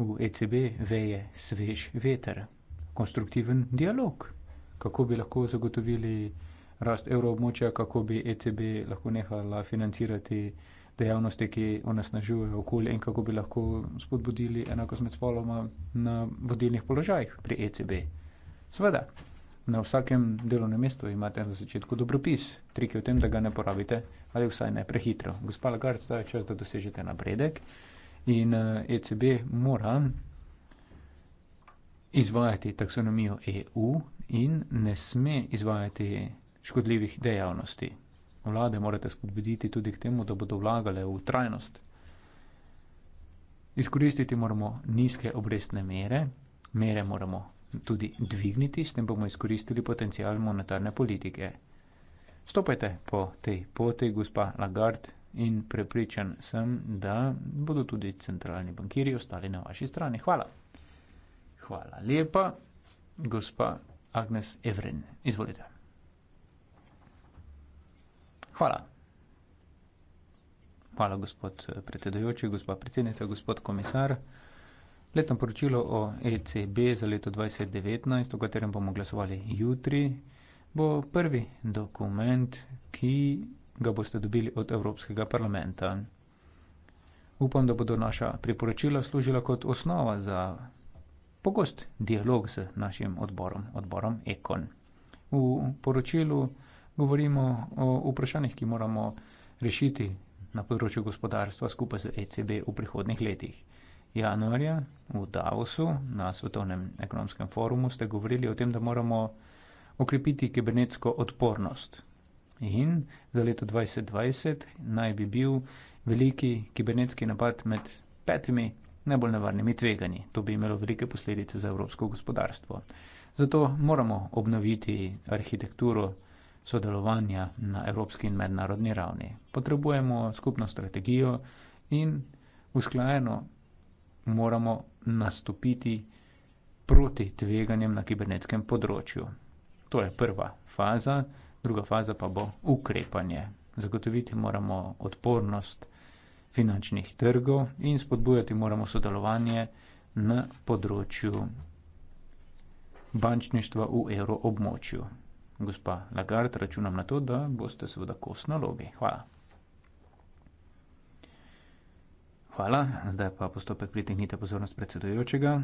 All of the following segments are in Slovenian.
V ECB veje svež veter, konstruktiven dialog, kako bi lahko zagotovili rast evroobmočja, kako bi ECB lahko nehala financirati dejavnosti, ki onesnažujejo okolje in kako bi lahko spodbudili enakost med spoloma na vodilnih položajih pri ECB. Sveda, na vsakem delovnem mestu imate na začetku dobropis, trik je v tem, da ga ne porabite ali vsaj ne prehitro. Gospa Lagarde, zdaj je čas, da dosežete napredek. In ECB eh, e mora izvajati taksonomijo EU in ne sme izvajati škodljivih dejavnosti. Vlade morate spodbuditi tudi k temu, da bodo vlagale v trajnost. Izkoristiti moramo nizke obrestne mere, mere moramo tudi dvigniti, s tem bomo izkoristili potencijal monetarne politike. Stopajte po tej poti, gospa Lagarde in prepričan sem, da bodo tudi centralni bankiri ostali na vaši strani. Hvala. Hvala lepa, gospa Agnes Evren. Izvolite. Hvala. Hvala, gospod predsedujoči, gospa predsednica, gospod komisar. Letno poročilo o ECB za leto 2019, o katerem bomo glasovali jutri, bo prvi dokument, ki ga boste dobili od Evropskega parlamenta. Upam, da bodo naša priporočila služila kot osnova za pogost dialog z našim odborom, odborom Ekon. V poročilu govorimo o vprašanjih, ki moramo rešiti na področju gospodarstva skupaj z ECB v prihodnih letih. Januarja v Davosu na Svetovnem ekonomskem forumu ste govorili o tem, da moramo okrepiti kibernetsko odpornost. In za leto 2020 naj bi bil veliki kibernetski napad med petimi najbolj nevarnimi tveganji. To bi imelo velike posledice za evropsko gospodarstvo. Zato moramo obnoviti arhitekturo sodelovanja na evropski in mednarodni ravni. Potrebujemo skupno strategijo in usklajeno moramo nastopiti proti tveganjem na kibernetskem področju. To je prva faza, druga faza pa bo ukrepanje. Zagotoviti moramo odpornost finančnih trgov in spodbujati moramo sodelovanje na področju bančništva v euroobmočju. Gospa Lagarde, računam na to, da boste seveda kos naloge. Hvala. Hvala, zdaj pa postopek pritegnite pozornost predsedujočega.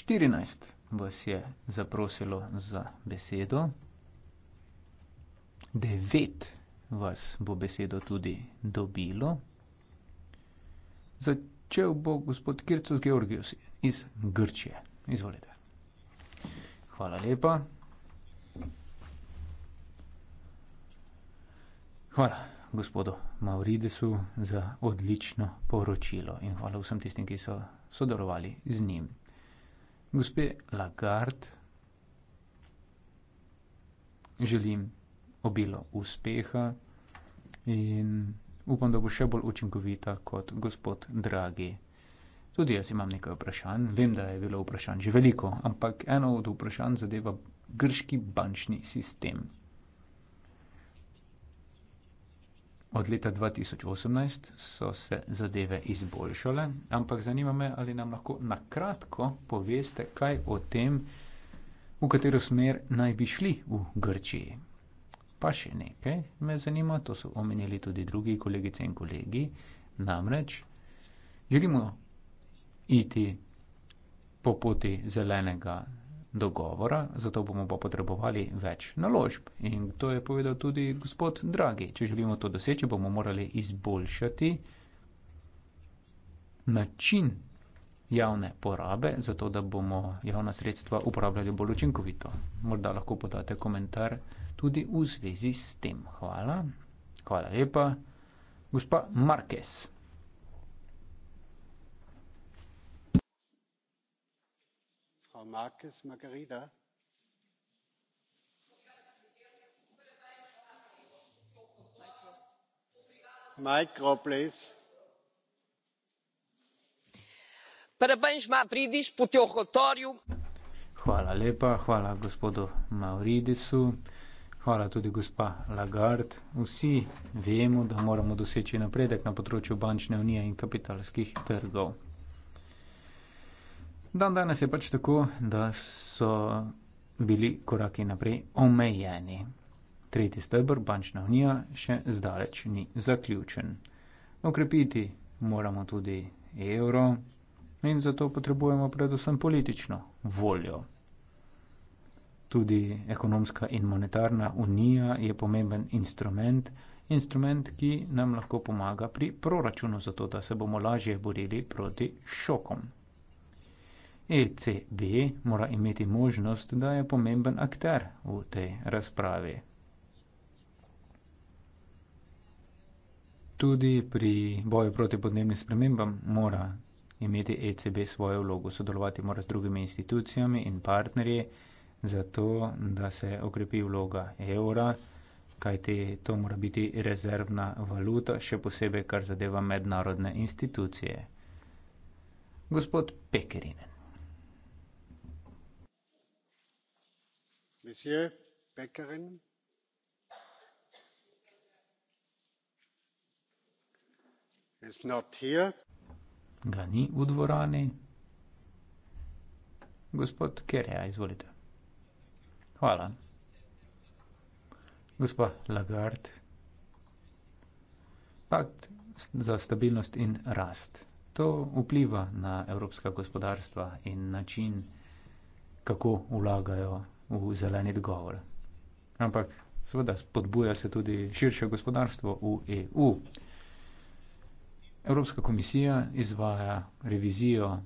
14 vas je zaprosilo za besedo. Devet vas bo besedo tudi dobilo. Začel bo gospod Kircus Georgius iz Grčije. Izvolite. Hvala lepa. Hvala gospodu Mauridesu za odlično poročilo in hvala vsem tistim, ki so sodelovali z njim. Gospe Lagarde, želim obilo uspeha in upam, da bo še bolj učinkovita kot gospod Dragi. Tudi jaz imam nekaj vprašanj. Vem, da je bilo vprašanj že veliko, ampak eno od vprašanj zadeva grški bančni sistem. Od leta 2018 so se zadeve izboljšale, ampak zanima me, ali nam lahko na kratko poveste, kaj o tem, v katero smer naj bi šli v Grčiji. Pa še nekaj me zanima, to so omenjali tudi drugi kolegice in kolegi, namreč želimo iti po poti zelenega dogovora, zato bomo pa potrebovali več naložb. In to je povedal tudi gospod Dragi. Če želimo to doseči, bomo morali izboljšati način javne porabe, zato da bomo javna sredstva uporabljali bolj učinkovito. Morda lahko podate komentar tudi v zvezi s tem. Hvala. Hvala lepa. Gospa Marques. gospod predsednik hvala lepa hvala gospodu mavridisu hvala tudi gospa lagarde vsi vemo da moramo doseči napredek na področju bančne unije in kapitalskih trgov. Dan danes je pač tako, da so bili koraki naprej omejeni. Tretji stebr, bančna unija, še zdaleč ni zaključen. Okrepiti moramo tudi evro in zato potrebujemo predvsem politično voljo. Tudi ekonomska in monetarna unija je pomemben instrument, instrument, ki nam lahko pomaga pri proračunu, zato da se bomo lažje borili proti šokom. ECB mora imeti možnost, da je pomemben akter v tej razpravi. Tudi pri boju proti podnebnim spremembam mora imeti ECB svojo vlogo, sodelovati mora z drugimi institucijami in partnerji, zato da se okrepi vloga evra, kajti to mora biti rezervna valuta, še posebej kar zadeva mednarodne institucije. Gospod Pekerinen. monsieur pekkarinen is not here. ga ni v dvorani. Gospod Kerja, izvolite. Hvala. Gospa Lagarde, pakt za stabilnost in rast. To vpliva na evropska gospodarstva in način, kako vlagajo v zeleni dogovor. Ampak seveda spodbuja se tudi širše gospodarstvo v EU. Evropska komisija izvaja revizijo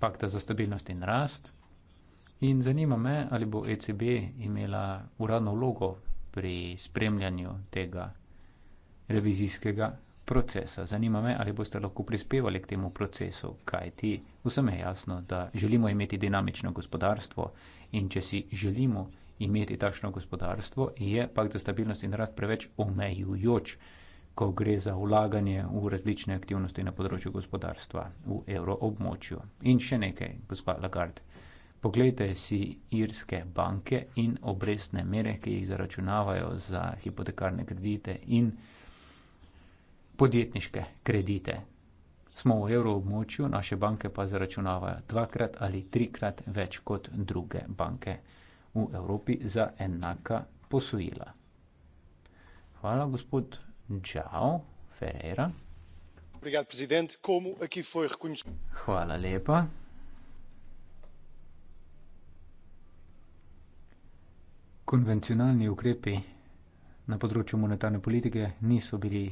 pakta za stabilnost in rast in zanima me, ali bo ECB imela uradno vlogo pri spremljanju tega revizijskega procesa. Zanima me, ali boste lahko prispevali k temu procesu, kaj ti. Vsem je jasno, da želimo imeti dinamično gospodarstvo In če si želimo imeti takšno gospodarstvo, je pak za stabilnost in rast preveč omejujoč, ko gre za vlaganje v različne aktivnosti na področju gospodarstva v euroobmočju. In še nekaj, gospod Lagarde. Poglejte si irske banke in obrestne mere, ki jih zaračunavajo za hipotekarne kredite in podjetniške kredite smo v evroobmočju, naše banke pa zaračunavajo dvakrat ali trikrat več kot druge banke v Evropi za enaka posojila. Hvala, gospod Džao Ferreira. Hvala lepa. Konvencionalni ukrepi na področju monetarne politike niso bili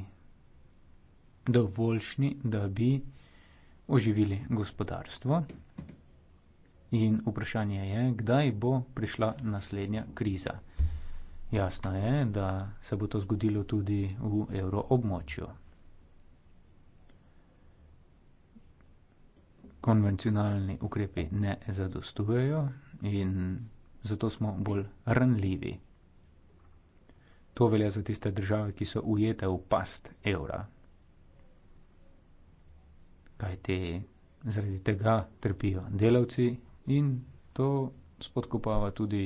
dovoljšni, da bi oživili gospodarstvo. In vprašanje je, kdaj bo prišla naslednja kriza. Jasno je, da se bo to zgodilo tudi v evroobmočju. Konvencionalni ukrepi ne zadostujejo in zato smo bolj ranljivi. To velja za tiste države, ki so ujete v past evra, kajti zaradi tega trpijo delavci in to spodkopava tudi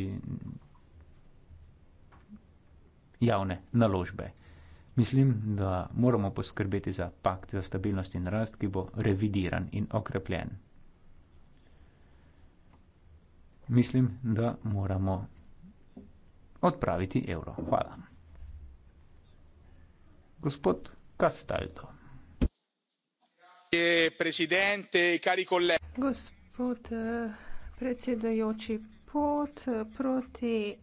javne naložbe. Mislim, da moramo poskrbeti za pakt za stabilnost in rast, ki bo revidiran in okrepljen. Mislim, da moramo odpraviti evro. Hvala. Gospod Castaldo presidente, cari colleghi. Gospod eh, predsedujoči, pot eh, proti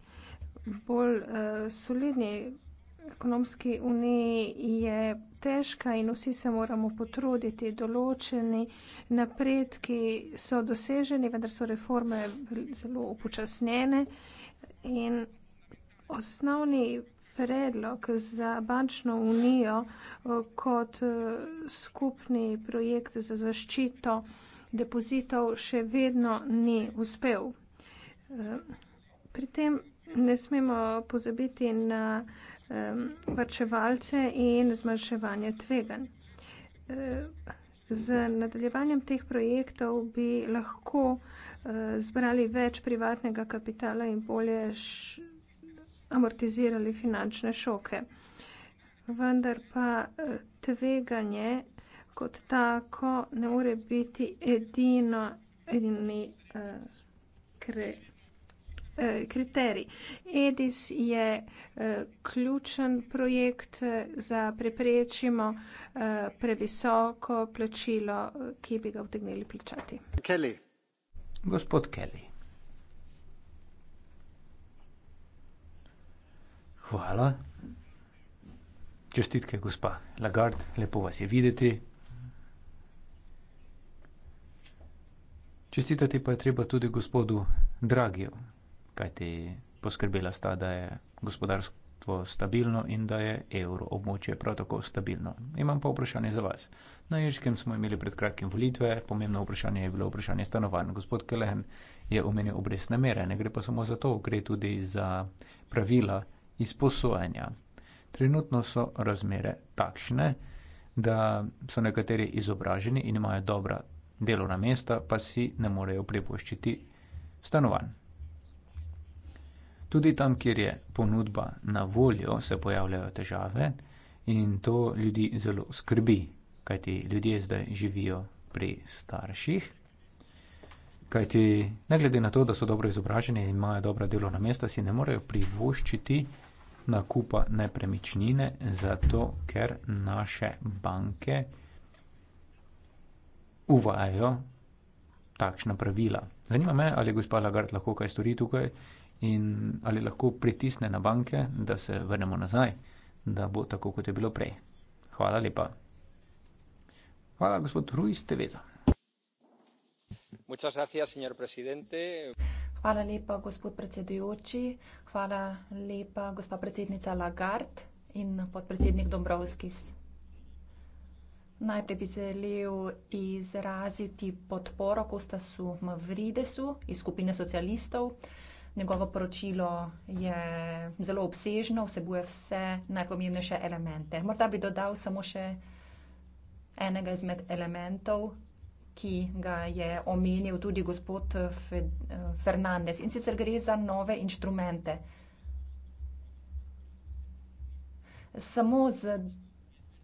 bolj eh, solidni ekonomski uniji je težka in vsi se moramo potruditi. Določeni napredki so doseženi, vendar so reforme zelo upočasnjene in osnovni predlog za bančno unijo eh, kot eh, skupni projekt za zaščito depozitov še vedno ni uspel. Eh, pri tem ne smemo pozabiti na varčevalce in zmanjševanje tvegan. Z nadaljevanjem teh projektov bi lahko zbrali več privatnega kapitala in bolje amortizirali finančne šoke. Vendar pa eh, tveganje kot tako ne more biti edino, edini eh, kre, eh, kriterij. EDIS je eh, ključen projekt eh, za preprečimo eh, previsoko plačilo, eh, ki bi ga vtegnili plačati. Kelly. Gospod Kelly. Hvala. Čestitke, gospa Lagarde, lepo vas je videti. Čestitati pa je treba tudi gospodu Dragiju, kajti poskrbela sta, da je gospodarstvo stabilno in da je evro območje prav tako stabilno. Imam pa vprašanje za vas. Na Irskem smo imeli pred kratkim volitve, pomembno vprašanje je bilo vprašanje stanovanj. Gospod Kelehen je omenil obrestne mere, ne gre pa samo za to, gre tudi za pravila, izposojanja. Trenutno so razmere takšne, da so nekateri izobraženi in imajo dobra delovna mesta, pa si ne morejo prepoščiti stanovanj. Tudi tam, kjer je ponudba na voljo, se pojavljajo težave in to ljudi zelo skrbi, kajti ljudje zdaj živijo pri starših. Kajti, ne glede na to, da so dobro izobraženi in imajo dobra delovna mesta, si ne morejo privoščiti stanovanj nakupa nepremičnine, zato ker naše banke uvajajo takšna pravila. Zanima me, ali gospa Lagarde lahko kaj stori tukaj in ali lahko pritisne na banke, da se vrnemo nazaj, da bo tako, kot je bilo prej. Hvala lepa. Hvala, gospod Ruiz Teveza. Muchas gracias, señor presidente. Hvala lepa, gospod predsedujoči. Hvala lepa, gospa predsednica Lagarde in podpredsednik Dombrovskis. Najprej bi želel izraziti podporo Kostasu Mavridesu iz skupine socialistov. Njegovo poročilo je zelo obsežno, vsebuje vse najpomembnejše elemente. Morda bi dodal samo še enega izmed elementov, ki ga je omenil tudi gospod eh, eh, Fernandez. In sicer gre za nove inštrumente. Samo z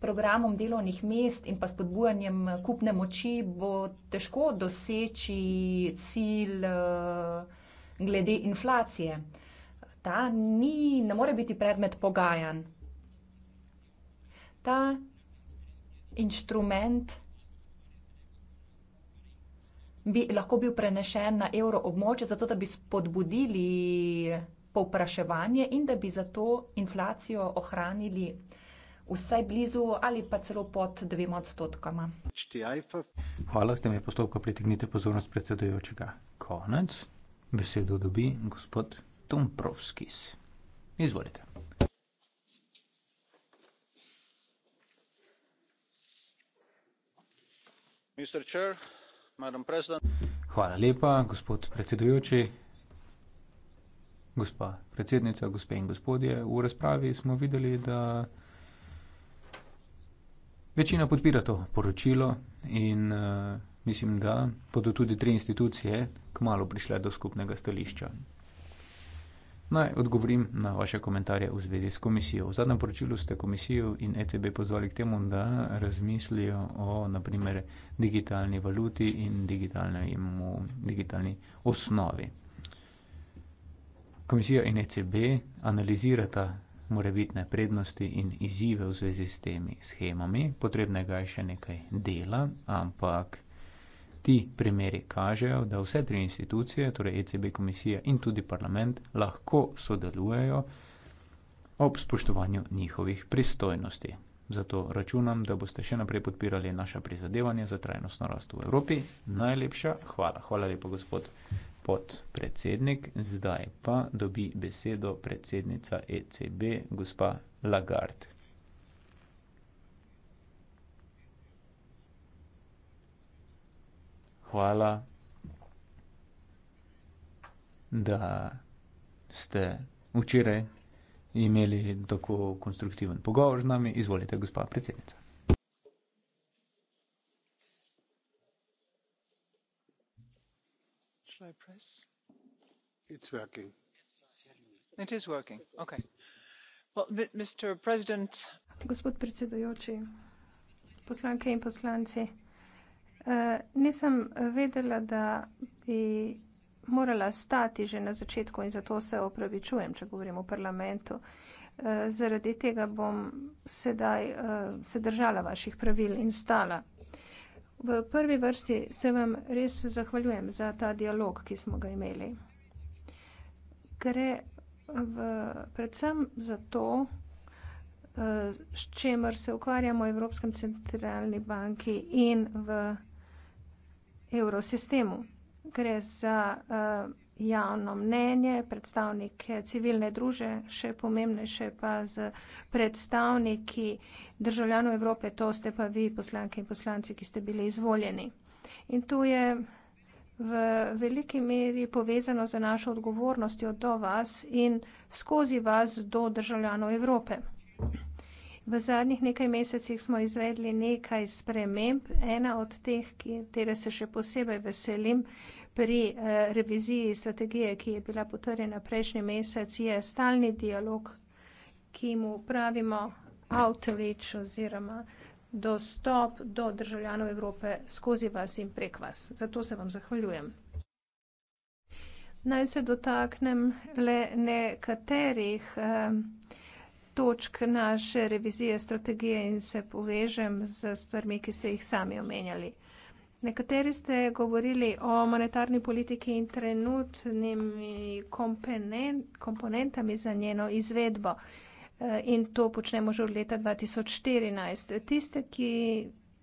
programom delovnih mest in pa spodbujanjem eh, kupne moči bo težko doseči cilj glede inflacije. Ta ni, ne more biti predmet pogajanj. Ta inštrument je, bi lahko bil prenešen na evro območje, zato da bi spodbudili povpraševanje in da bi zato inflacijo ohranili vsaj blizu ali pa celo pod dvema odstotkama. Hvala, ste mi postopka pritegnite pozornost predsedujočega. Konec. Besedo dobi gospod Tomprovskis. Izvolite. Mr. Chair, Hvala lepa, gospod predsedujoči. Gospa predsednica, gospe in gospodje, v razpravi smo videli, da večina podpira to poročilo in uh, mislim, da bodo tudi tri institucije kmalo prišle do skupnega stališča. Naj odgovorim na vaše komentarje v zvezi s komisijo. V zadnjem poročilu ste komisijo in ECB pozvali k temu, da razmislijo o naprimer digitalni valuti in digitalni osnovi. Komisija in ECB analizirata morebitne prednosti in izzive v zvezi s temi schemami. Potrebnega je še nekaj dela, ampak ti primeri kažejo, da vse tri institucije, torej ECB, komisija in tudi parlament, lahko sodelujejo ob spoštovanju njihovih pristojnosti. Zato računam, da boste še naprej podpirali naša prizadevanja za trajnostno rast v Evropi. Najlepša hvala. Hvala lepa, gospod podpredsednik. Zdaj pa dobi besedo predsednica ECB, gospa Lagarde. hvala, da ste včeraj imeli tako konstruktiven pogovor z nami. Izvolite, gospa predsednica. I press? It's working. It is working. Okay. Well, Mr. President. Gospod predsedujoči, poslanke in poslanci. Eh, nisem vedela, da bi morala stati že na začetku in zato se opravičujem, če govorim o parlamentu. Eh, zaradi tega bom sedaj eh, se držala vaših pravil in stala. V prvi vrsti se vam res zahvaljujem za ta dialog, ki smo ga imeli. Gre v, predvsem za to, s čemer se ukvarjamo v Evropskem centralni banki in v evrosistemu. Gre za uh, javno mnenje, predstavnike civilne druže, še pomembnejše pa z predstavniki državljanov Evrope, to ste pa vi, poslanke in poslanci, ki ste bili izvoljeni. In tu je v veliki meri povezano z našo odgovornostjo do vas in skozi vas do državljanov Evrope. V zadnjih nekaj mesecih smo izvedli nekaj sprememb. Ena od teh, katere se še posebej veselim pri eh, reviziji strategije, ki je bila potrjena prejšnji mesec, je stalni dialog, ki mu pravimo outreach oziroma dostop do državljanov Evrope skozi vas in prek vas. Zato se vam zahvaljujem. Naj se dotaknem le nekaterih. Um, točk naše revizije strategije in se povežem z stvarmi, ki ste jih sami omenjali. Nekateri ste govorili o monetarni politiki in trenutnimi komponentami za njeno izvedbo. E, in to počnemo že od leta 2014. Tiste, ki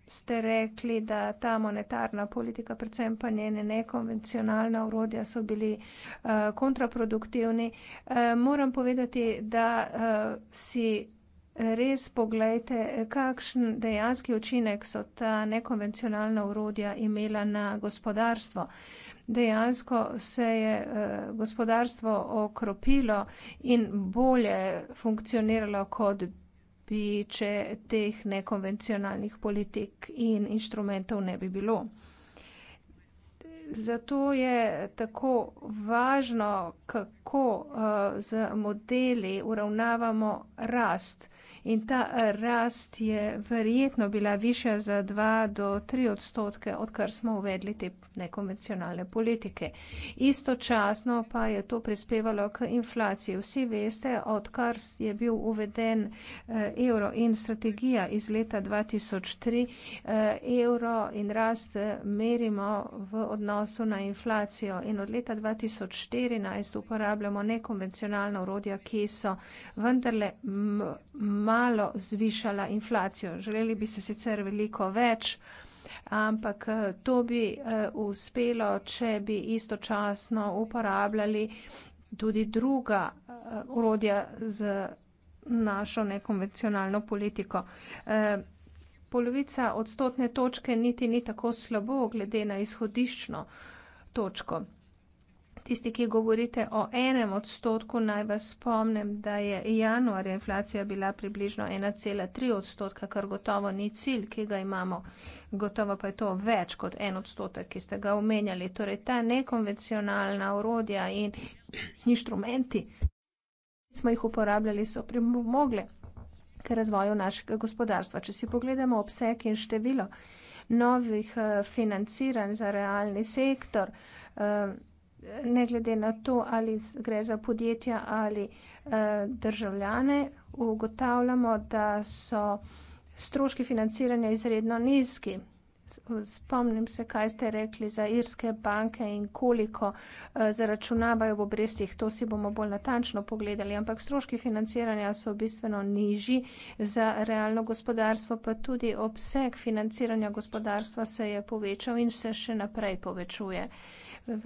ste rekli, da ta monetarna politika, predvsem pa njene nekonvencionalna urodja so bili uh, kontraproduktivni. Uh, moram povedati, da uh, si res pogledajte, kakšen dejanski učinek so ta nekonvencionalna urodja imela na gospodarstvo. Dejansko se je uh, gospodarstvo okropilo in bolje funkcioniralo kot če teh nekonvencionalnih politik in inštrumentov ne bi bilo. Zato je tako važno, kako eh, z modeli uravnavamo rast. In ta rast je verjetno bila višja za 2 do 3 odstotke, odkar smo uvedli te nekonvencionalne politike. Istočasno pa je to prispevalo k inflaciji. Vsi veste, odkar je bil uveden eh, evro in strategija iz leta 2003, eh, evro in rast eh, merimo v odnosu na inflacijo in od leta 2014 uporabljamo nekonvencionalna urodja, ki so vendarle malo zvišala inflacijo. Želeli bi se sicer veliko več ampak eh, to bi eh, uspelo, če bi istočasno uporabljali tudi druga eh, orodja z našo nekonvencionalno politiko. Polovica odstotne točke niti ni tako slabo, glede na izhodiščno točko tisti, ki govorite o enem odstotku, naj vas spomnem, da je januarja inflacija bila približno 1,3 odstotka, kar gotovo ni cilj, ki ga imamo. Gotovo pa je to več kot en odstotek, ki ste ga omenjali. Torej ta nekonvencionalna orodja in inštrumenti, ki smo jih uporabljali, so primogle k razvoju našega gospodarstva. Če si pogledamo obseg in število novih eh, financiranj za realni sektor, eh, ne glede na to, ali gre za podjetja ali eh, državljane, ugotavljamo, da so stroški financiranja izredno nizki. Spomnim se, kaj ste rekli za irske banke in koliko eh, zaračunavajo v obrestih. To si bomo bolj natančno pogledali, ampak stroški financiranja so bistveno nižji za realno gospodarstvo, pa tudi obseg financiranja gospodarstva se je povečal in se še naprej povečuje. Eh, V,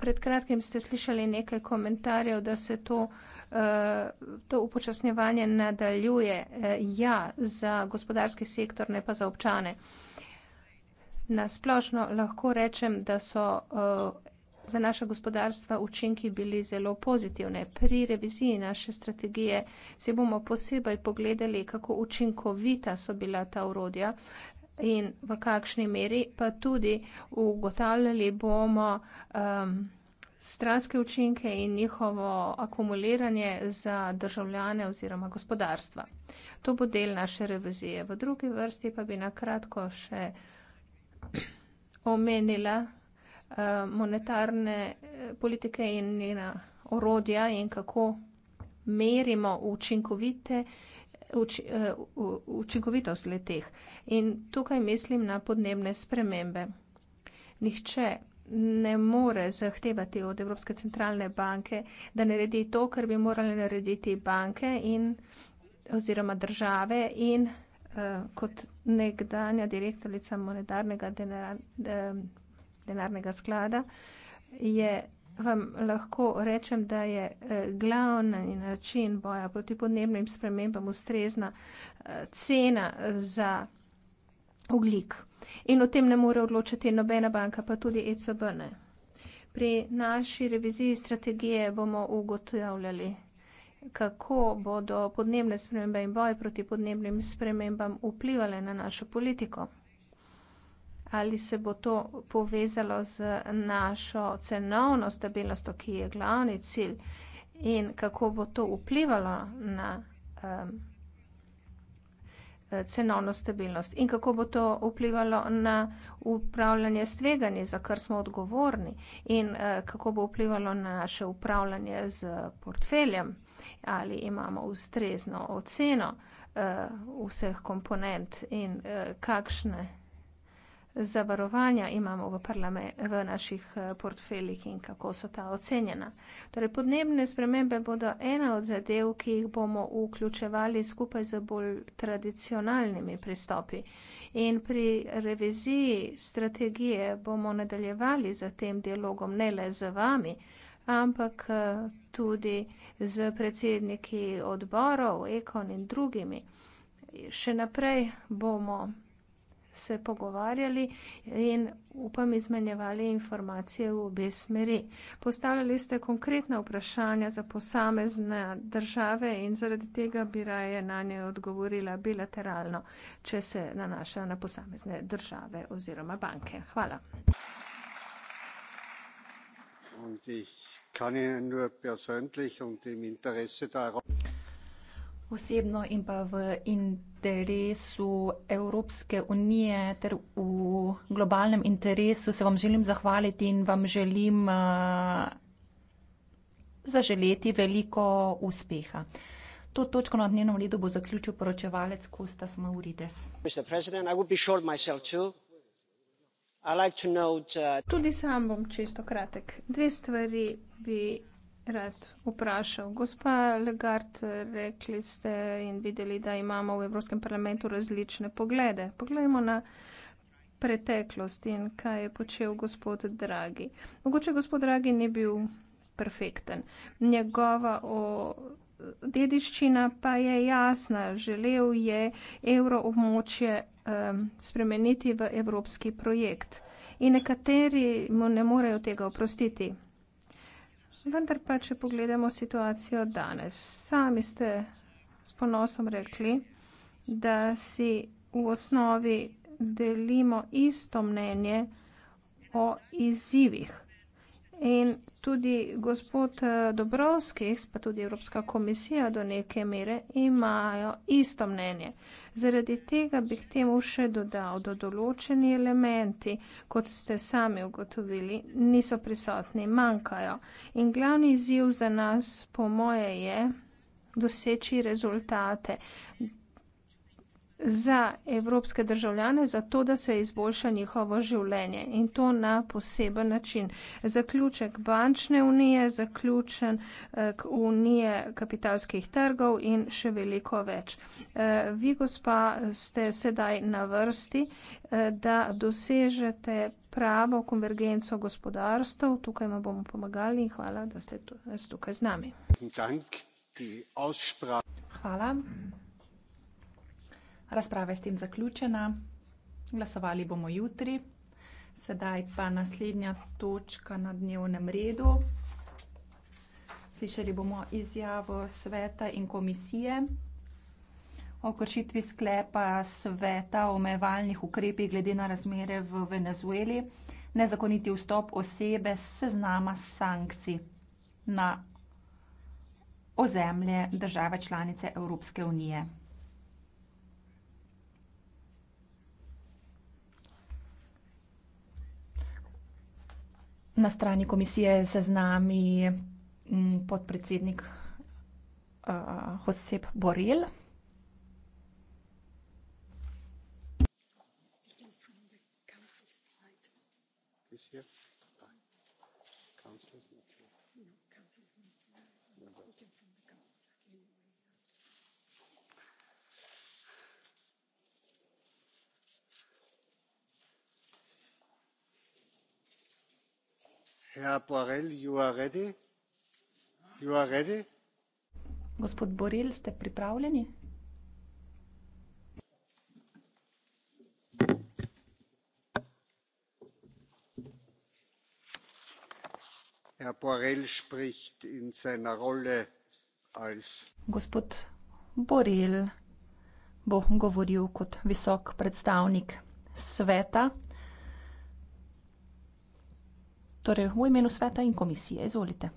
pred kratkim ste slišali nekaj komentarjev, da se to, uh, to upočasnjevanje nadaljuje uh, ja za gospodarski sektor, ne pa za občane. Na splošno lahko rečem, da so uh, za naša gospodarstva učinki bili zelo pozitivne. Pri reviziji naše strategije se bomo posebej pogledali, kako učinkovita so bila ta urodja. Uh, in v kakšni meri, pa tudi ugotavljali bomo um, stranske učinke in njihovo akumuliranje za državljane oziroma gospodarstva. To bo del naše revizije. V drugi vrsti pa bi nakratko še omenila uh, monetarne eh, politike in njena orodja in kako merimo učinkovite uh, uči, eh, učinkovitost leteh. In tukaj mislim na podnebne spremembe. Nihče ne more zahtevati od Evropske centralne banke, da naredi to, kar bi morali narediti banke in, oziroma države in uh, kot nekdanja direktorica monetarnega denar, uh, denarnega sklada je vam lahko rečem, da je eh, glavni način boja proti podnebnim spremembam ustrezna eh, cena eh, za oglik. In o tem ne more odločiti nobena banka, pa tudi ECB ne. Pri naši reviziji strategije bomo ugotavljali, kako bodo podnebne spremembe in boj proti podnebnim spremembam vplivali na našo politiko ali se bo to povezalo z našo cenovno stabilnostjo, ki je glavni cilj in kako bo to vplivalo na um, cenovno stabilnost in kako bo to vplivalo na upravljanje s tveganji, za kar smo odgovorni in uh, kako bo vplivalo na naše upravljanje z portfeljem, ali imamo ustrezno oceno uh, vseh komponent in uh, kakšne zavarovanja imamo v, v naših eh, portfeljih in kako so ta ocenjena. Torej, podnebne spremembe bodo ena od zadev, ki jih bomo vključevali skupaj z bolj tradicionalnimi pristopi. In pri reviziji strategije bomo nadaljevali za tem dialogom ne le z vami, ampak eh, tudi z predsedniki odborov, ekon in drugimi. Še naprej bomo se pogovarjali in upam izmenjevali informacije v obe smeri. Postavljali ste konkretna vprašanja za posamezne države in zaradi tega bi raje na nje odgovorila bilateralno, če se nanašajo na posamezne države oziroma banke. Hvala. Und ich kann Ihnen nur persönlich und im Interesse der Europäischen osebno in pa v interesu Evropske unije ter v globalnem interesu se vam želim zahvaliti in vam želim uh, zaželeti veliko uspeha. To točko na dnevnem redu bo zaključil poročevalec Kostas Maurides. Like note, uh... Tudi sam bom čisto kratek. Dve stvari bi rad vprašal. Gospa Legard, rekli ste in videli, da imamo v Evropskem parlamentu različne poglede. Poglejmo na preteklost in kaj je počel gospod Dragi. Mogoče gospod Dragi ni bil perfekten. Njegova o dediščina pa je jasna. Želel je evroobmočje um, spremeniti v evropski projekt. In nekateri mu ne morejo tega oprostiti. Vendar pa, če pogledamo situacijo danes, sami ste s ponosom rekli, da si v osnovi delimo isto mnenje o izzivih. In tudi gospod eh, Dobrovskis, pa tudi Evropska komisija do neke mere imajo isto mnenje. Zaradi tega bi k temu še dodal, da določeni elementi, kot ste sami ugotovili, niso prisotni, manjkajo. In glavni izziv za nas, po moje, je doseči rezultate, za evropske državljane, zato da se izboljša njihovo življenje in to na poseben način. Zaključek bančne unije, zaključen eh, k unije kapitalskih trgov in še veliko več. Eh, vi, gospa, ste sedaj na vrsti, eh, da dosežete pravo konvergenco gospodarstv. Tukaj vam bomo pomagali in hvala, da ste tukaj z nami. Hvala. Razprava je s tem zaključena. Glasovali bomo jutri. Sedaj pa naslednja točka na dnevnem redu. Slišali bomo izjavo sveta in komisije o kršitvi sklepa sveta o omejevalnih ukrepih glede na razmere v Venezueli, nezakoniti vstop osebe s seznama sankcij na ozemlje države članice Evropske unije. na strani komisije se z nami mm, podpredsednik uh, Josep Borel. Yeah. gospod borrell ste pripravljeni? gospod borrell bo govoril kot visok predstavnik sveta Torej, v imenu sveta in komisije, izvolite.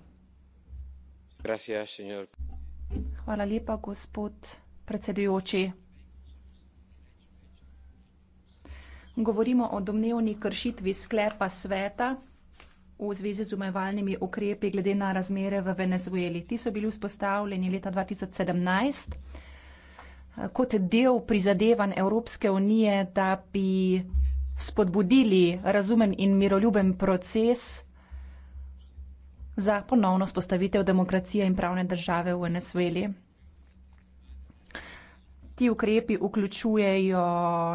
Gracias, Hvala lepa, gospod predsedujoči. Govorimo o domnevni kršitvi sklepa sveta v zvezi z umevalnimi ukrepi glede na razmere v Venezueli. Ti so bili vzpostavljeni leta 2017 eh, kot del prizadevanj Evropske unije, da bi spodbudili razumen in miroljuben proces za ponovno spostavitev demokracije in pravne države v Venezueli. Ti ukrepi vključujejo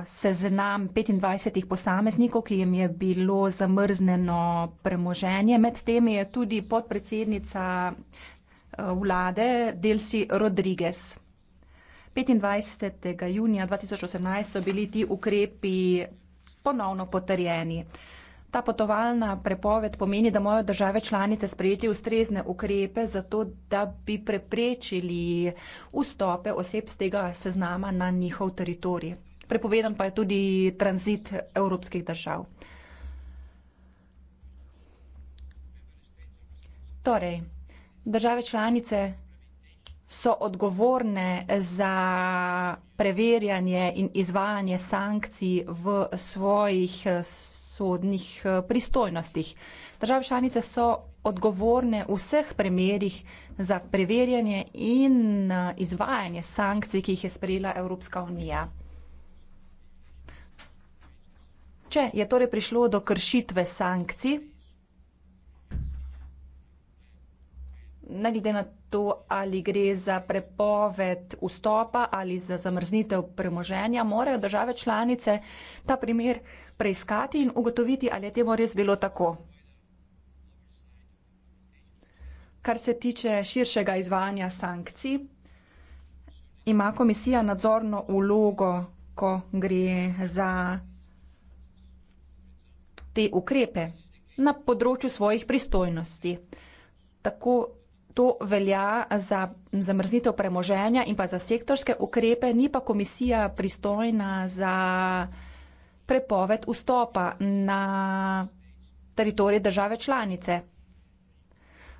seznam 25 posameznikov, ki jim je bilo zamrzneno premoženje. Med temi je tudi podpredsednica eh, vlade Delsi Rodriguez. 25. junija 2018 so bili ti ukrepi ponovno potrjeni. Ta potovalna prepoved pomeni, da morajo države članice sprejeti ustrezne ukrepe, zato da bi preprečili vstope oseb z tega seznama na njihov teritorij. Prepovedan pa je tudi tranzit evropskih držav. Torej, države članice so odgovorne za preverjanje in izvajanje sankcij v svojih sodnih eh, pristojnostih. Države članice so odgovorne v vseh primerjih za preverjanje in eh, izvajanje sankcij, ki jih je sprejela Evropska unija. Če je torej prišlo do kršitve sankcij, ne glede na to, ali gre za prepoved vstopa ali za zamrznitev premoženja, morajo države članice ta primer preiskati in ugotoviti, ali je temu res bilo tako. Kar se tiče širšega izvajanja sankcij, ima komisija nadzorno vlogo, ko gre za te ukrepe na področju svojih pristojnosti. Tako to velja za zamrznitev premoženja in pa za sektorske ukrepe, ni pa komisija pristojna za prepoved vstopa na teritorij države članice.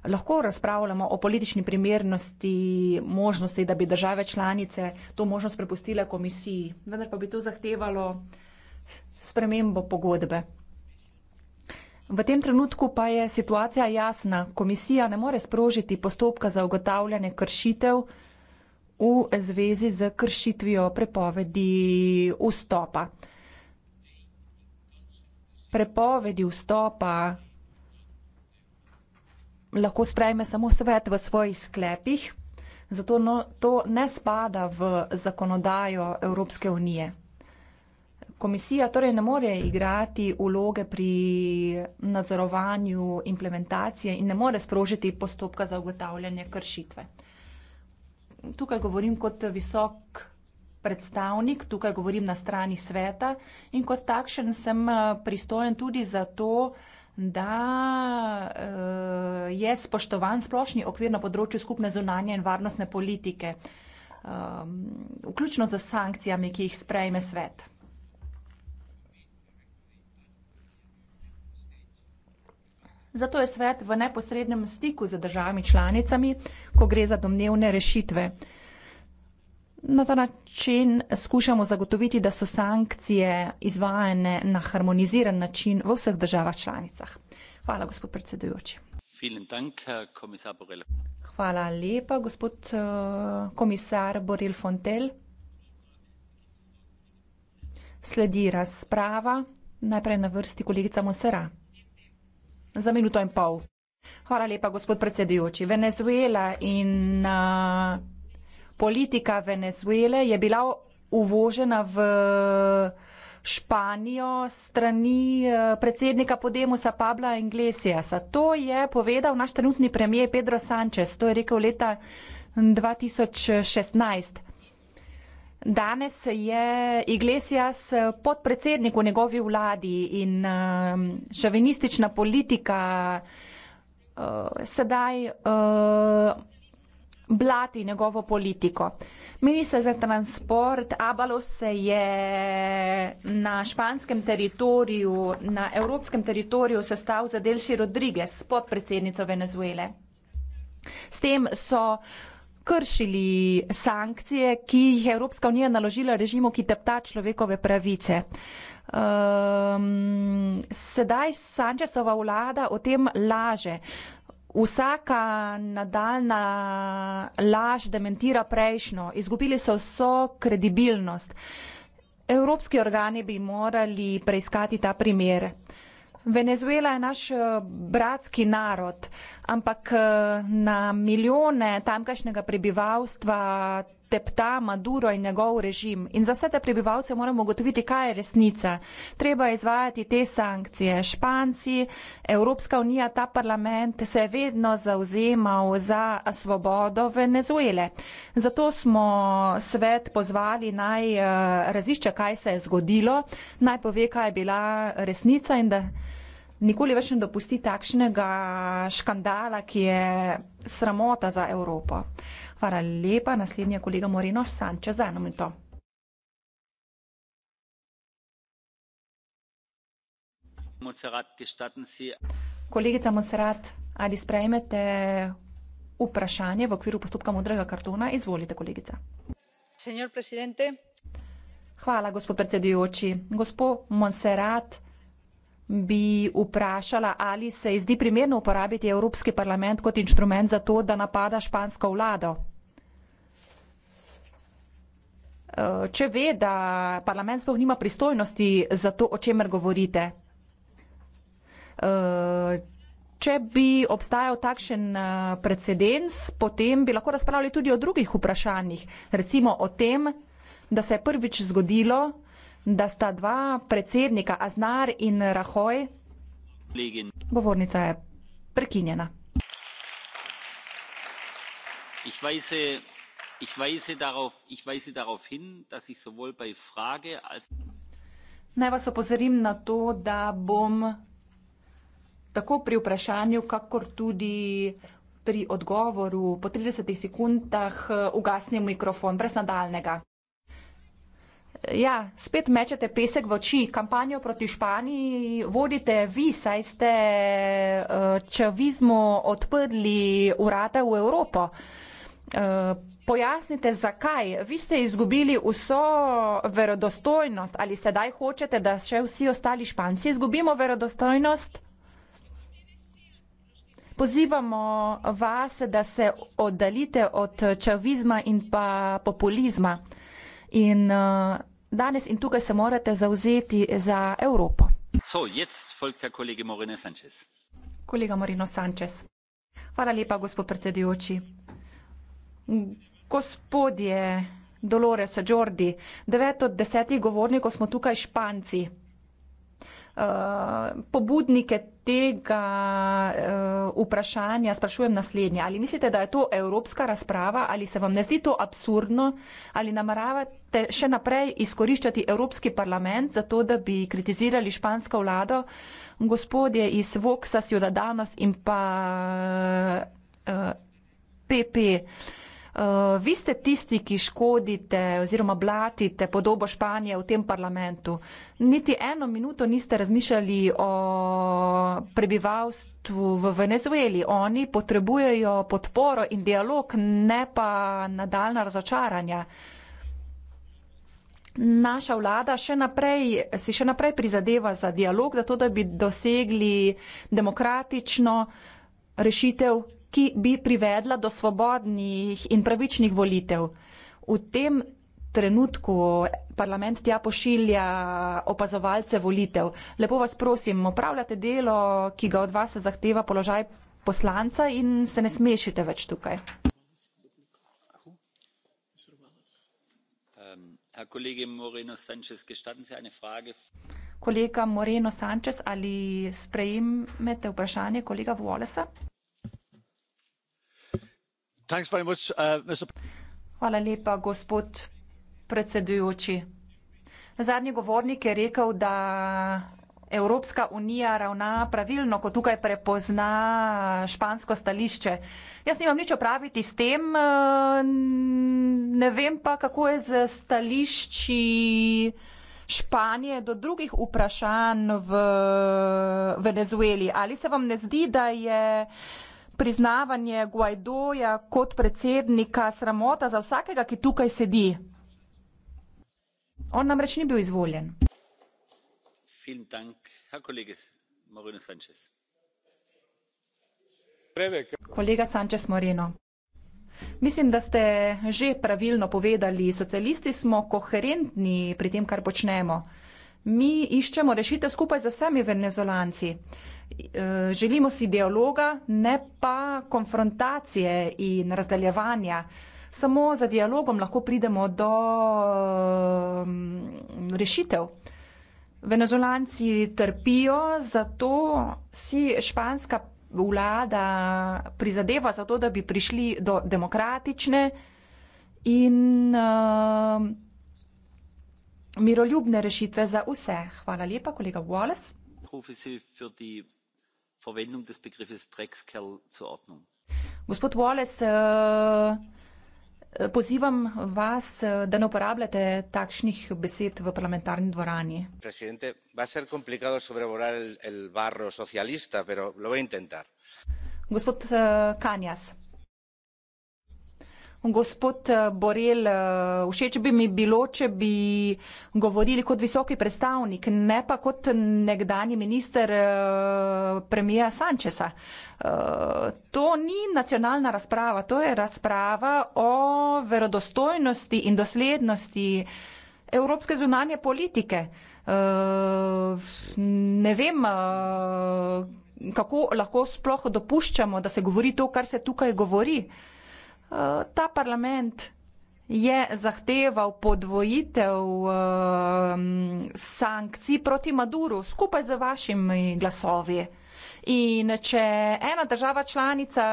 Lahko razpravljamo o politični primernosti možnosti, da bi države članice to možnost prepustile komisiji, vendar pa bi to zahtevalo spremembo pogodbe. V tem trenutku pa je situacija jasna. Komisija ne more sprožiti postopka za ugotavljanje kršitev v zvezi z kršitvijo prepovedi vstopa prepovedi vstopa lahko sprejme samo svet v svojih sklepih, zato no, to ne spada v zakonodajo Evropske unije. Komisija torej ne more igrati uloge pri nadzorovanju implementacije in ne more sprožiti postopka za ugotavljanje kršitve. Tukaj govorim kot visok predstavnik, tukaj govorim na strani sveta in kot takšen sem eh, pristojen tudi za to, da eh, je spoštovan splošni okvir na področju skupne zunanje in varnostne politike, ehm, vključno z sankcijami, ki jih sprejme svet. Zato je svet v neposrednem stiku z državami članicami, ko gre za domnevne rešitve na ta način skušamo zagotoviti, da so sankcije izvajene na harmoniziran način v vseh državah članicah. Hvala, gospod predsedujoči. Hvala lepa, gospod uh, komisar Boril Fontel. Sledi razprava. Najprej na vrsti kolegica Mosera. Za minuto in pol. Hvala lepa, gospod predsedujoči. Venezuela in uh, politika Venezuele je bila uvožena v Španijo strani eh, predsednika Podemusa Pabla Inglesiasa. To je povedal naš trenutni premijer Pedro Sanchez. To je rekel leta 2016. Danes je Iglesias eh, podpredsednik v njegovi vladi in eh, šovinistična politika sedaj blati njegovo politiko. Minister za transport Abalos se je na španskem teritoriju, na evropskem teritoriju sestal za Delši Rodriguez, podpredsednico Venezuele. S tem so kršili sankcije, ki jih je Evropska unija naložila režimu, ki tepta človekove pravice. Um, sedaj Sančesova vlada o tem laže. Uh, vsaka nadaljna laž dementira prejšnjo. Izgubili so vso kredibilnost. Evropski organi bi morali preiskati ta primer. Venezuela je naš eh, bratski narod, ampak eh, na milijone tamkajšnjega prebivalstva tepta Maduro in njegov režim. In za vse te prebivalce moramo ugotoviti, kaj je resnica. Treba je izvajati te sankcije. Španci, Evropska unija, ta parlament se je vedno zauzemal za svobodo Venezuele. Zato smo svet pozvali naj eh, razišče, kaj se je zgodilo, naj pove, kaj je bila resnica in da nikoli več ne dopusti takšnega škandala, ki je sramota za Evropo. Hvala lepa, naslednja kolega Moreno Sanče za eno minuto. Kolegica Monserrat, ali sprejmete vprašanje v okviru postopka modrega kartona? Izvolite, kolegica. Hvala, gospod predsedujoči. Gospod Monserrat, bi vprašala, ali se zdi primerno uporabiti Evropski parlament kot inštrument za to, da napada špansko vlado? Eh, če ve, da parlament sploh nima pristojnosti za to, o čemer govorite. Eh, če bi obstajal takšen eh, precedens, potem bi lahko razpravljali tudi o drugih vprašanjih. Recimo o tem, da se je prvič zgodilo, da sta dva predsednika, Aznar in Rahoj, govornica je prekinjena. Naj vas opozorim na to, da bom tako pri vprašanju, kakor tudi pri odgovoru po 30 sekundah eh, ugasnil mikrofon brez nadaljnega. Ja, spet mečete pesek v oči. Kampanjo proti Španiji vodite vi, saj ste eh, čavizmu odprli urada v Evropo. Eh, pojasnite, zakaj. Vi ste izgubili vso verodostojnost ali sedaj hočete, da še vsi ostali Španci izgubimo verodostojnost? Pozivamo vas, da se oddalite od čavizma in pa populizma. In uh, danes in tukaj se morate zauzeti za Evropo. So, kolega Moreno Sanchez. Kolega Moreno Sanchez. Hvala lepa, gospod predsedujoči. Gospodje Dolores Jordi, devet od desetih govornikov smo tukaj Španci. Uh, pobudnike tega uh, vprašanja sprašujem naslednje. Ali mislite, da je to evropska razprava, ali se vam ne zdi to absurdno, ali nameravate še naprej izkoriščati Evropski parlament za to, da bi kritizirali špansko vlado, gospodje iz Voksa, Ciudadanos in pa uh, eh, PP? Uh, Uh, vi ste tisti, ki škodite oziroma blatite podobo Španije v tem parlamentu. Niti eno minuto niste razmišljali o prebivalstvu v Venezueli. Oni potrebujejo podporo in dialog, ne pa nadaljna razočaranja. Naša vlada še naprej, si še naprej prizadeva za dialog, zato da bi dosegli demokratično rešitev ki bi privedla do svobodnih in pravičnih volitev. V tem trenutku parlament tja pošilja opazovalce volitev. Lepo vas prosim, opravljate delo, ki ga od vas zahteva položaj poslanca in se ne smešite več tukaj. Ähm, kolega Moreno Sanchez, ali sprejmete vprašanje kolega Wallesa? Uh, Hvala lepa, gospod predsedujoči. Zadnji govornik je rekel, da Evropska unija ravna pravilno, ko tukaj prepozna špansko stališče. Jaz nimam nič opraviti s tem, uh, ne vem pa, kako je z stališči Španije do drugih vprašanj v Venezueli. Ali se vam ne zdi, da je priznavanje Guaidoja kot predsednika sramota za vsakega, ki tukaj sedi. On namreč ni bil izvoljen. Kolega Sanchez Moreno. Mislim, da ste že pravilno povedali, socialisti smo koherentni pri tem, kar počnemo. Mi iščemo rešitev skupaj z vsemi venezolanci. Eh, želimo si dialoga, ne pa konfrontacije in razdaljevanja. Samo za dialogom lahko pridemo do mm, rešitev. Venezolanci trpijo, zato si španska vlada prizadeva za to, da bi prišli do demokratične in uh, miroljubne rešitve za vse. Hvala lepa, kolega Wallace verwendung des begriffes dreckskerl zur ordnung. gospod wallace eh, pozivam vas eh, da ne uporabljate takšnih besed v parlamentarni dvorani. gospod kanyas eh, Gospod eh, Borel, eh, všeč bi mi bilo, če bi govorili kot visoki predstavnik, ne pa kot nekdani minister eh, premija Sančesa. To ni nacionalna razprava, to je razprava o verodostojnosti in doslednosti evropske zunanje politike. Ne vem, kako lahko sploh dopuščamo, da se govori to, kar se tukaj govori ta parlament je zahteval podvojitev um, sankcij proti Maduru skupaj z vašimi glasovi. In če ena država članica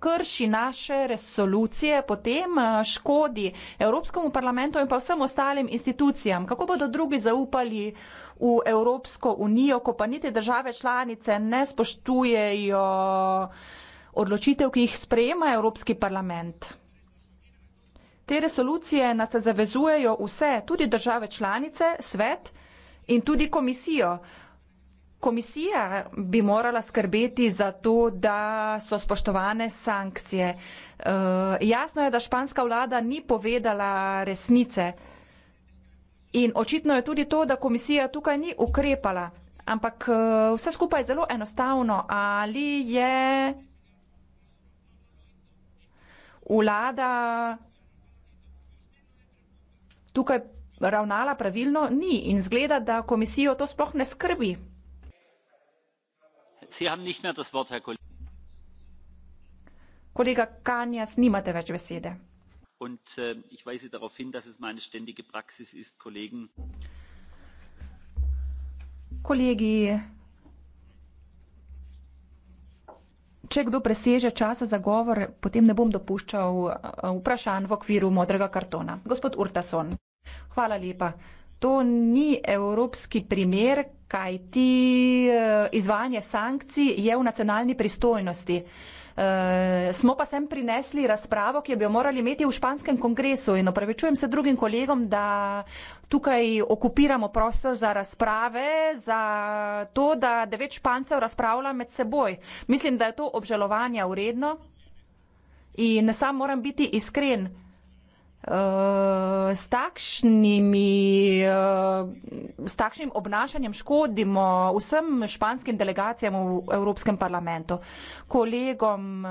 krši naše resolucije, potem uh, škodi Evropskemu parlamentu in pa vsem ostalim institucijam. Kako bodo drugi zaupali v Evropsko unijo, ko pa niti države članice ne spoštujejo uh, odločitev, ki jih sprejema Evropski parlament. Te resolucije nas zavezujejo vse, tudi države članice, svet in tudi komisijo. Komisija bi morala skrbeti za to, da so spoštovane sankcije. E, jasno je, da španska vlada ni povedala resnice. In očitno je tudi to, da komisija tukaj ni ukrepala. Ampak eh, vse skupaj je zelo enostavno. Ali je vlada tukaj ravnala pravilno, ni in zgleda, da komisijo to sploh ne skrbi. Kolega Kanjas, nimate več besede. Und äh, ich weise darauf hin, dass es meine ständige Praxis ist, Kollegen. Kollegi če kdo preseže časa za govor, potem ne bom dopuščal eh, vprašanj v okviru modrega kartona. Gospod Urtason, hvala lepa. To ni evropski primer, kaj ti eh, izvajanje sankcij je v nacionalni pristojnosti. E, smo pa sem prinesli razpravo, ki bi jo morali imeti v španskem kongresu in opravičujem se drugim kolegom, da tukaj okupiramo prostor za razprave, za to, da devet špancev razpravlja med seboj. Mislim, da je to obžalovanje uredno in sam moram biti iskren. Eh, s, takšnimi, eh, s takšnim obnašanjem škodimo vsem španskim delegacijam v Evropskem parlamentu, kolegom, eh,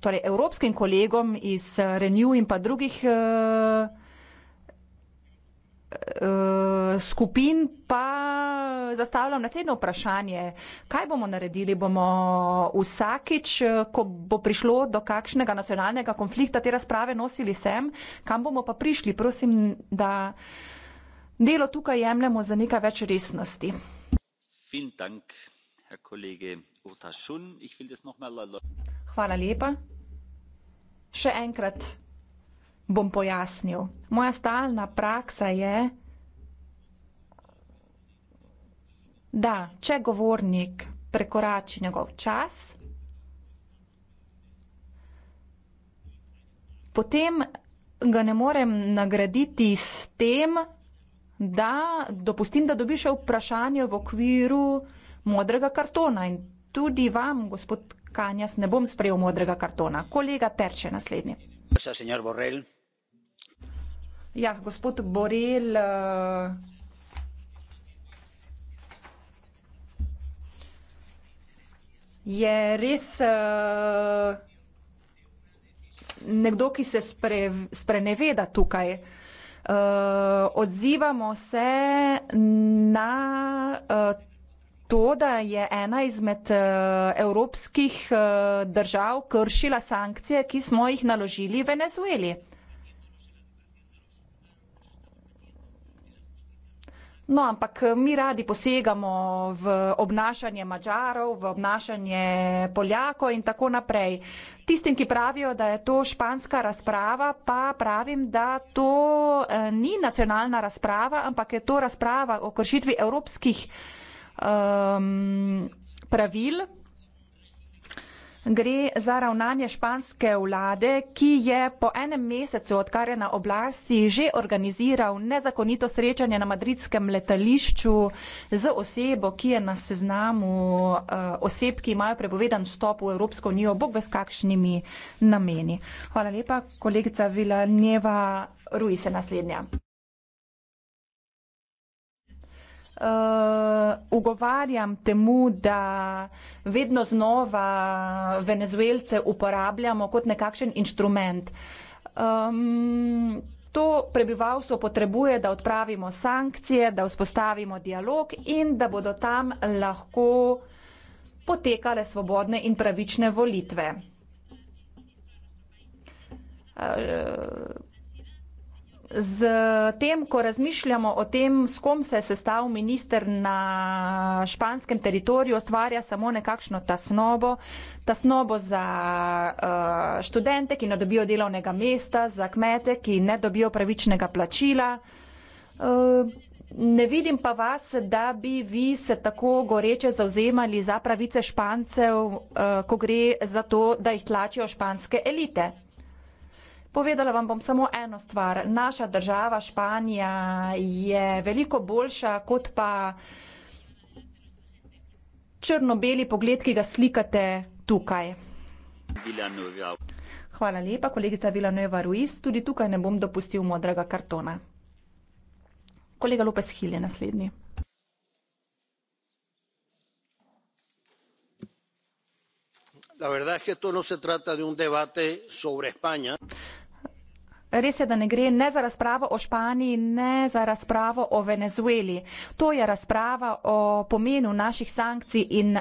torej evropskim kolegom iz Renew in pa drugih uh, skupin, pa zastavljam naslednje vprašanje. Kaj bomo naredili? Bomo vsakič, eh, ko bo prišlo do kakšnega nacionalnega konflikta, te razprave nosili sem, kam bomo pa prišli? Prosim, da delo tukaj jemljemo za nekaj več resnosti. Hvala lepa. Še enkrat bom pojasnil. Moja stalna praksa je, da če govornik prekorači njegov čas, potem ga ne morem nagraditi s tem, da dopustim, da dobi še vprašanje v okviru modrega kartona. In tudi vam, gospod Kanjas, ne bom sprejel modrega kartona. Kolega Terče, naslednji. Hvala, senjor Borrell. Ja, gospod Borel, eh, je res eh, nekdo, ki se spre, spreneveda tukaj. Eh, odzivamo se na to, da je ena izmed evropskih držav kršila sankcije, ki smo jih naložili Venezueli. No, ampak eh, mi radi posegamo v obnašanje Mačarov, v obnašanje Poljako in tako naprej. Tistim, ki pravijo, da je to španska razprava, pa pravim, da to eh, ni nacionalna razprava, ampak je to razprava o kršitvi evropskih eh, pravil gre za ravnanje španske vlade, ki je po enem mesecu, odkar je na oblasti, že organiziral nezakonito srečanje na madridskem letališču z osebo, ki je na seznamu eh, oseb, ki imajo prepovedan vstop v Evropsko unijo, bog ve s kakšnimi nameni. Hvala lepa, kolegica Vila Neva Ruiz je naslednja. uh, ugovarjam temu, da vedno znova venezuelce uporabljamo kot nekakšen inštrument. Um, to prebivalstvo potrebuje, da odpravimo sankcije, da vzpostavimo dialog in da bodo tam lahko potekale svobodne in pravične volitve. Uh, z tem, ko razmišljamo o tem, s kom se je sestav minister na španskem teritoriju, ustvarja samo nekakšno tasnobo, tasnobo za uh, študente, ki ne dobijo delovnega mesta, za kmete, ki ne dobijo pravičnega plačila. Uh, Ne vidim pa vas, da bi vi se tako goreče zauzemali za pravice špancev, eh, ko gre za to, da jih tlačijo španske elite. Povedala vam bom samo eno stvar. Naša država Španija je veliko boljša kot pa črno-beli pogled, ki ga slikate tukaj. Hvala lepa, kolegica Vilanova Ruiz. Tudi tukaj ne bom dopustil modrega kartona. Kolega Lopes Hil je naslednji. La verdad es que esto no se trata de un debate sobre España. Res je, da ne gre ne za razpravo o Španiji, ne za razpravo o Venezueli. To je razprava o pomenu naših sankcij in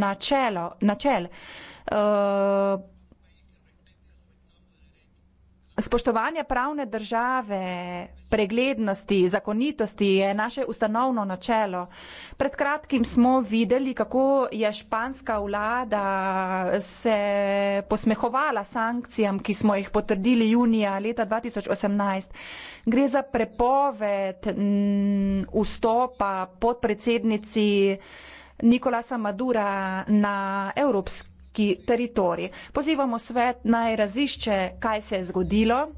načelo, načel. Uh, Spoštovanje pravne države, preglednosti, zakonitosti je naše ustanovno načelo. Pred kratkim smo videli, kako je španska vlada se posmehovala sankcijam, ki smo jih potrdili junija leta 2018. Gre za prepoved mm, vstopa podpredsednici Nikolasa Madura na evropski ruski teritorij. Pozivamo svet naj razišče, kaj se je zgodilo.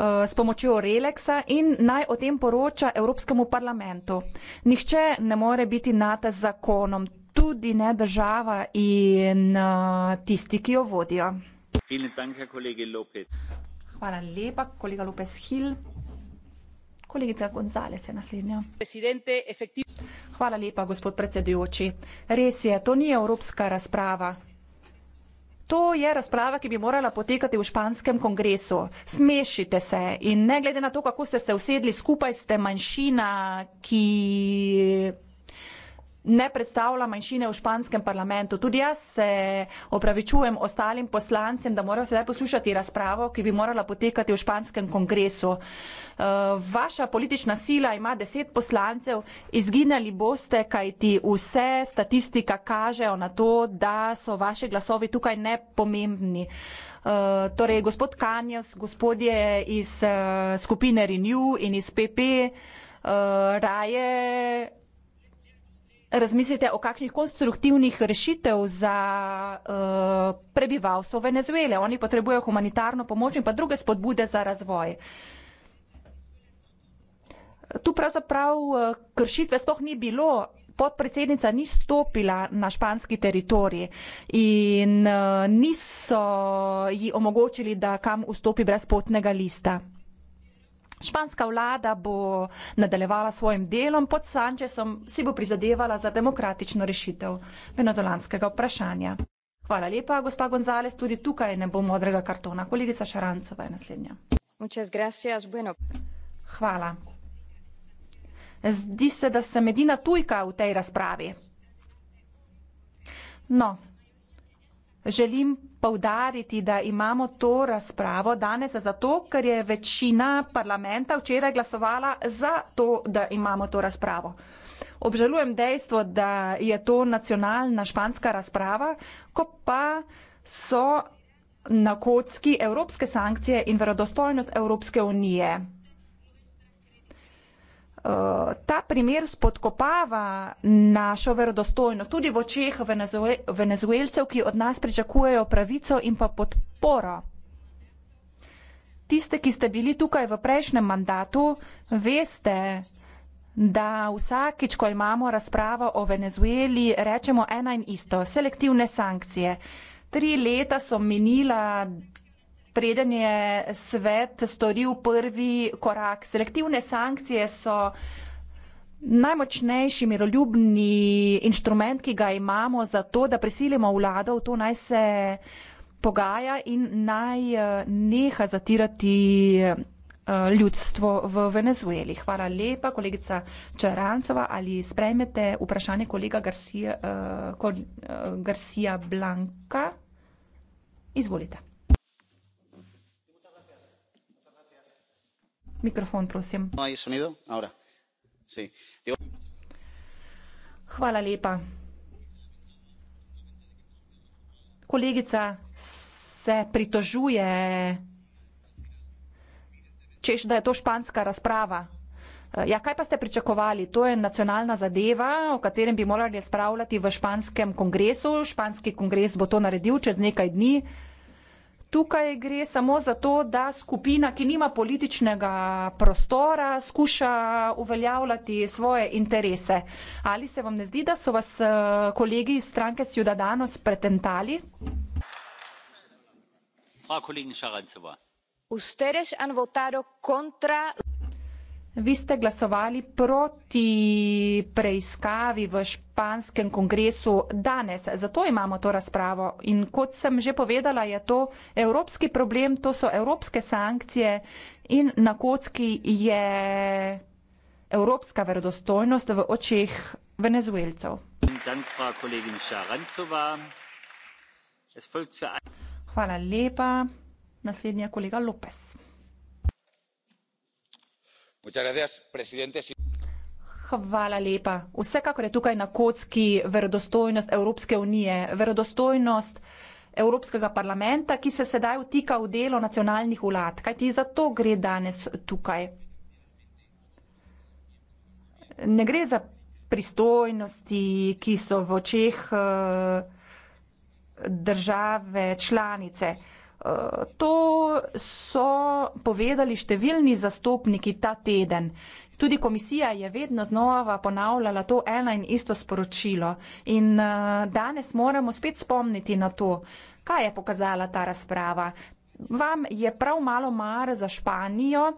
Eh, s pomočjo Relexa in naj o tem poroča Evropskemu parlamentu. Nihče ne more biti nad zakonom, tudi ne država in eh, tisti, ki jo vodijo. Hvala lepa, kolega Lopez Hill. Kolegica Gonzales je naslednja. Hvala lepa, gospod predsedujoči. Res je, to ni evropska razprava. To je razprava, ki bi morala potekati v španskem kongresu. Smešite se in ne glede na to, kako ste se usedli skupaj, ste manjšina, ki ne predstavlja manjšine v španskem parlamentu. Tudi jaz se opravičujem ostalim poslancem, da morajo sedaj poslušati razpravo, ki bi morala potekati v španskem kongresu. Eh, vaša politična sila ima deset poslancev, izginjali boste, kaj ti vse statistika kažejo na to, da so vaše glasovi tukaj nepomembni. Uh, torej, gospod Kanjas, gospodje iz uh, skupine Renew in iz PP, uh, raje razmislite o kakšnih konstruktivnih rešitev za uh, prebivalstvo Venezuele. Oni potrebujejo humanitarno pomoč in pa druge spodbude za razvoj. Tu pravzaprav eh, kršitve sploh ni bilo, podpredsednica ni stopila na španski teritorij in eh, niso ji omogočili, da kam vstopi brez potnega lista. Španska vlada bo nadaljevala svojim delom pod Sančesom, si bo prizadevala za demokratično rešitev venezolanskega vprašanja. Hvala lepa, gospa Gonzales, tudi tukaj ne bo modrega kartona. Kolegica Šarancova je naslednja. Hvala. Zdi se, da sem edina tujka v tej razpravi. No, želim povdariti, da imamo to razpravo danes zato, ker je večina parlamenta včeraj glasovala za to, da imamo to razpravo. Obžalujem dejstvo, da je to nacionalna španska razprava, ko pa so na kocki evropske sankcije in verodostojnost Evropske unije. Eh, ta primer spodkopava našo verodostojnost tudi v očeh Venezue venezuelcev, ki od nas pričakujejo pravico in pa podporo. Tiste, ki ste bili tukaj v prejšnjem mandatu, veste, da vsakič, ko imamo razpravo o Venezueli, rečemo ena in isto, selektivne sankcije. Tri leta so minila, preden je svet storil prvi korak. Selektivne sankcije so najmočnejši miroljubni inštrument, ki ga imamo za to, da prisilimo vlado v to naj se pogaja in naj eh, neha zatirati eh, ljudstvo v Venezueli. Hvala lepa, kolegica Čarancova. Ali sprejmete vprašanje kolega Garcia, uh, Garcia Blanka? Izvolite. mikrofon, prosim. ¿No Hvala lepa. Kolegica se pritožuje, češ, da je to španska razprava. Ja, kaj pa ste pričakovali? To je nacionalna zadeva, o katerem bi morali spravljati v španskem kongresu. Španski kongres bo to naredil čez nekaj dni. Tukaj gre samo za to, da skupina, ki nima političnega prostora, skuša uveljavljati svoje interese. Ali se vam ne zdi, da so vas eh, kolegi iz stranke Ciudadanos pretentali? Ustedes han votado contra. Vi ste glasovali proti preiskavi v španskem kongresu danes, zato imamo to razpravo. In kot sem že povedala, je to evropski problem, to so evropske sankcije in na kocki je evropska verodostojnost v očeh venezuelcev. Hvala lepa. Naslednja kolega Lopes. Hvala lepa. Vsekakor je tukaj na kocki verodostojnost Evropske unije, verodostojnost Evropskega parlamenta, ki se sedaj vtika v delo nacionalnih vlad. Kaj ti za to gre danes tukaj? Ne gre za pristojnosti, ki so v očeh eh, države članice. To so povedali številni zastopniki ta teden. Tudi komisija je vedno znova ponavljala to ena in isto sporočilo. In eh, danes moramo spet spomniti na to, kaj je pokazala ta razprava. Vam je prav malo mar za Španijo,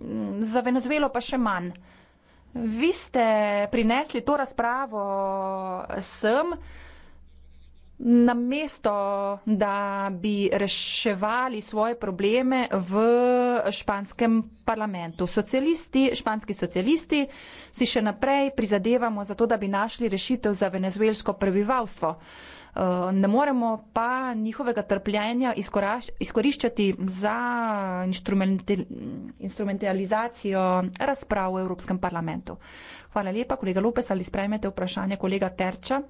mm, za Venezuelo pa še manj. Vi ste prinesli to razpravo sem, na mesto, da bi reševali svoje probleme v španskem parlamentu. Socialisti, španski socialisti si še naprej prizadevamo za to, da bi našli rešitev za venezuelsko prebivalstvo. Eh, ne moremo pa njihovega trpljenja izkoriščati za instrumentalizacijo razprav v Evropskem parlamentu. Hvala lepa, kolega Lopes, ali sprejmete vprašanje kolega Terča?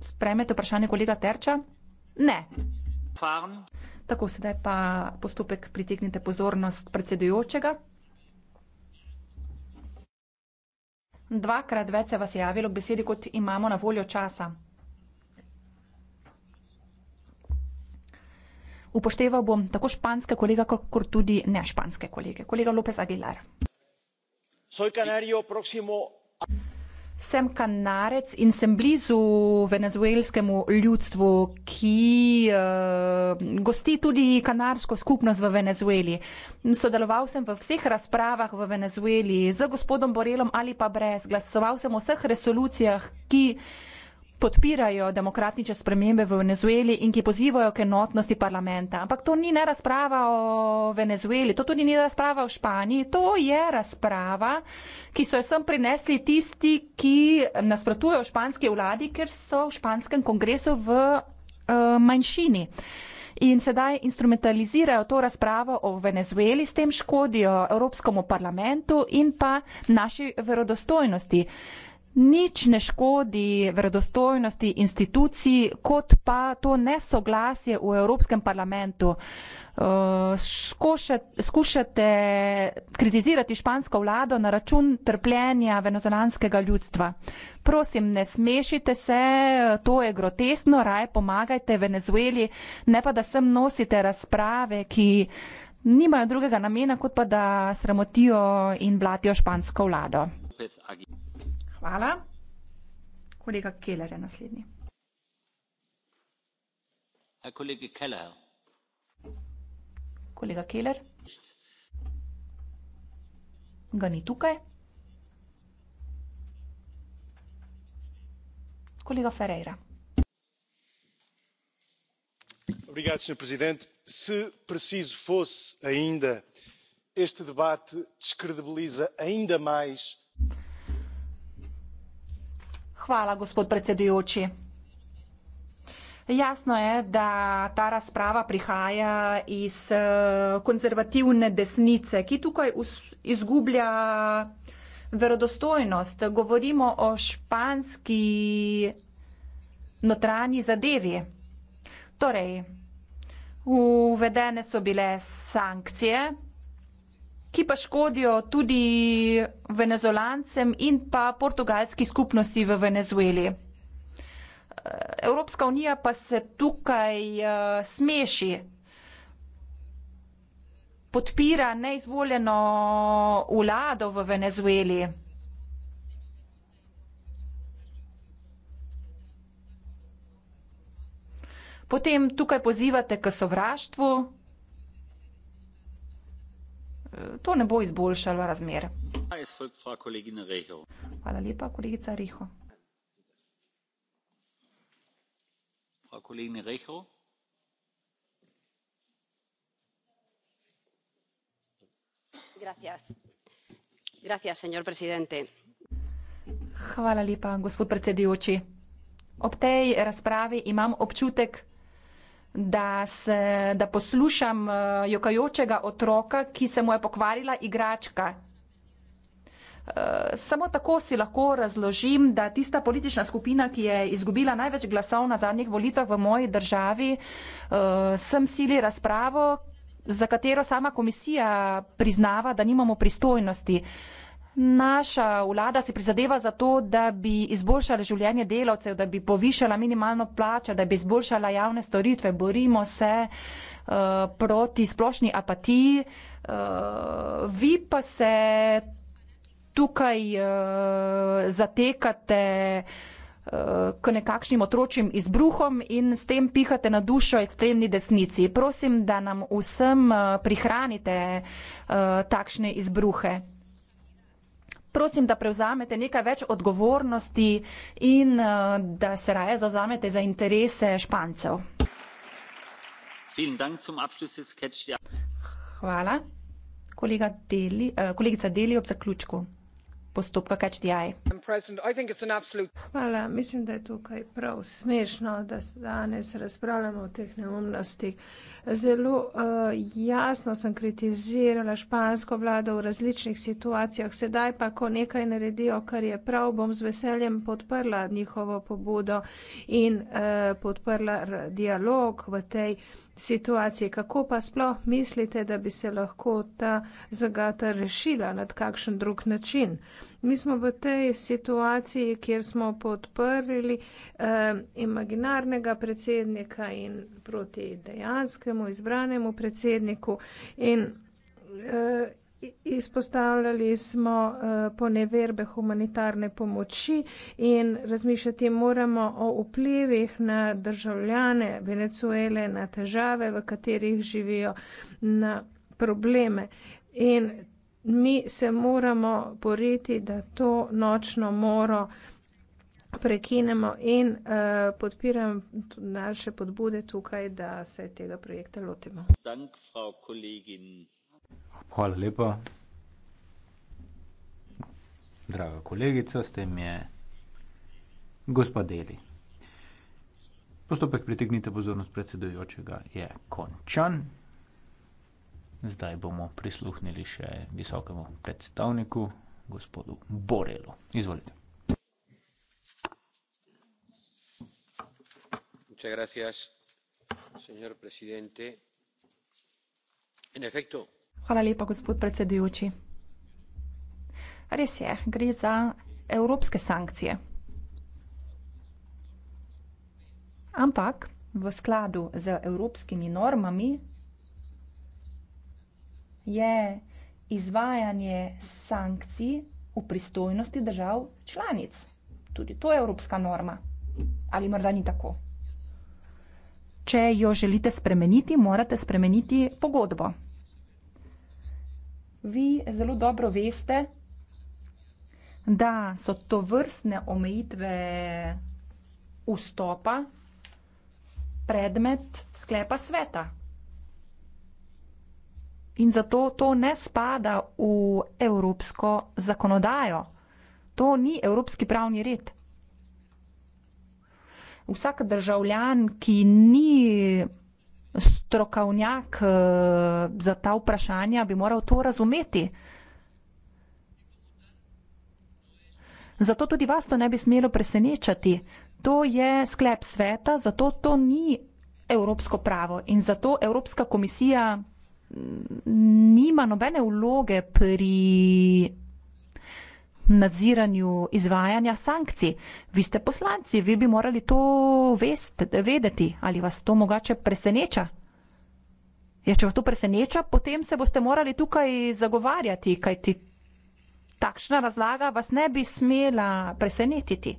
Sprejmete vprašanje kolega Terča? Ne. Tako, sedaj pa postopek pritegnite pozornost predsedujočega. Dvakrat več se vas je javilo k besedi, kot imamo na voljo časa. Upošteval bom tako španske kolega, kot tudi nešpanske kolege. Kolega Lopez Aguilar. Soy canario próximo sem kanarec in sem blizu venezuelskemu ljudstvu, ki uh, gosti tudi kanarsko skupnost v Venezueli. Sodeloval sem v vseh razpravah v Venezueli z gospodom Borelom ali pa brez. Glasoval sem o vseh resolucijah, ki podpirajo demokratične spremembe v Venezueli in ki pozivajo k enotnosti parlamenta. Ampak to ni ne razprava o Venezueli, to tudi ni razprava o Španiji, to je razprava, ki so jo sem prinesli tisti, ki nasprotujejo španske vladi, ker so v španskem kongresu v uh, manjšini. In sedaj instrumentalizirajo to razpravo o Venezueli, s tem škodijo Evropskemu parlamentu in pa naši verodostojnosti nič ne škodi vredostojnosti institucij, kot pa to nesoglasje v Evropskem parlamentu. Eh, skušate kritizirati špansko vlado na račun trpljenja venezolanskega ljudstva. Prosim, ne smešite se, to je grotesno, raje pomagajte Venezueli, ne pa da sem nosite razprave, ki nimajo drugega namena, kot pa da sramotijo in blatijo špansko vlado. Hvala. Kolega Keller je naslednji. Kolega Keller? Ga ni tukaj? Kolega Ferreira. Obrigado, Sr. Presidente. Se preciso fosse ainda, este debate descredibiliza ainda mais Hvala, gospod predsedujoči. Jasno je, da ta razprava prihaja iz eh, konzervativne desnice, ki tukaj izgublja verodostojnost. Govorimo o španski notranji zadevi. Torej, uvedene so bile sankcije ki pa škodijo tudi venezolancem in pa portugalski skupnosti v Venezueli. Evropska unija pa se tukaj eh, smeši, podpira neizvoljeno vlado v Venezueli. Potem tukaj pozivate k sovraštvu to ne bo izboljšalo razmer. Hvala lepa, kolegica Reho. Hvala lepa, gospod predsedujoči. Ob tej razpravi imam občutek, da, se, da poslušam eh, jokajočega otroka, ki se mu je pokvarila igračka. Eh, samo tako si lahko razložim, da tista politična skupina, ki je izgubila največ glasov na zadnjih volitvah v moji državi, eh, sem sili razpravo, za katero sama komisija priznava, da nimamo pristojnosti. Naša vlada si prizadeva za to, da bi izboljšala življenje delavcev, da bi povišala minimalno plačo, da bi izboljšala javne storitve. Borimo se uh, proti splošni apatiji. Uh, vi pa se tukaj uh, zatekate k nekakšnim otročjim izbruhom in s tem pihate na dušo ekstremni desnici. Prosim, da nam vsem prihranite uh, takšne izbruhe prosim, da prevzamete nekaj več odgovornosti in eh, da se raje zauzamete za interese Špancev. Hvala. Kolega Deli, eh, kolegica Deli ob zaključku postopka Catch the Eye. Hvala, mislim, da je tukaj prav smešno, da se danes razpravljamo o teh neumnostih. Zelo uh, jasno sem kritizirala špansko vlado v različnih situacijah. Sedaj pa, ko nekaj naredijo, kar je prav, bom z veseljem podprla njihovo pobudo in uh, podprla dialog v tej situacije. Kako pa sploh mislite, da bi se lahko ta zagata rešila na kakšen drug način? Mi smo v tej situaciji, kjer smo podprli eh, imaginarnega predsednika in proti dejanskemu izbranemu predsedniku. In, eh, Izpostavljali smo eh, poneverbe humanitarne pomoči in razmišljati moramo o vplivih na državljane Venezuele, na težave, v katerih živijo, na probleme. In mi se moramo boriti, da to nočno moro prekinemo in uh, podpiram naše podbude tukaj, da se tega projekta lotimo. Dank, Hvala lepa. Draga kolegica, s tem je gospod Deli. Postopek pritegnite pozornost predsedujočega je končan. Zdaj bomo prisluhnili še visokemu predstavniku, gospodu Borelu. Izvolite. Muchas gracias, señor presidente. En efecto, Hvala lepa, gospod predsedujoči. Res je, gre za evropske sankcije. Ampak v skladu z evropskimi normami je izvajanje sankcij v pristojnosti držav članic. Tudi to je evropska norma. Ali morda ni tako? Če jo želite spremeniti, morate spremeniti pogodbo vi zelo dobro veste, da so to vrstne omejitve vstopa predmet sklepa sveta. In zato to ne spada v evropsko zakonodajo. To ni evropski pravni red. Vsak državljan, ki ni strokovnjak eh, za ta vprašanja bi moral to razumeti. Zato tudi vas to ne bi smelo presenečati. To je sklep sveta, zato to ni evropsko pravo in zato Evropska komisija mm, nima nobene vloge pri nadziranju izvajanja sankcij. Vi ste poslanci, vi bi morali to vest, vedeti ali vas to mogoče preseneča. Ja, če vas to preseneča, potem se boste morali tukaj zagovarjati, kajti takšna razlaga vas ne bi smela presenetiti.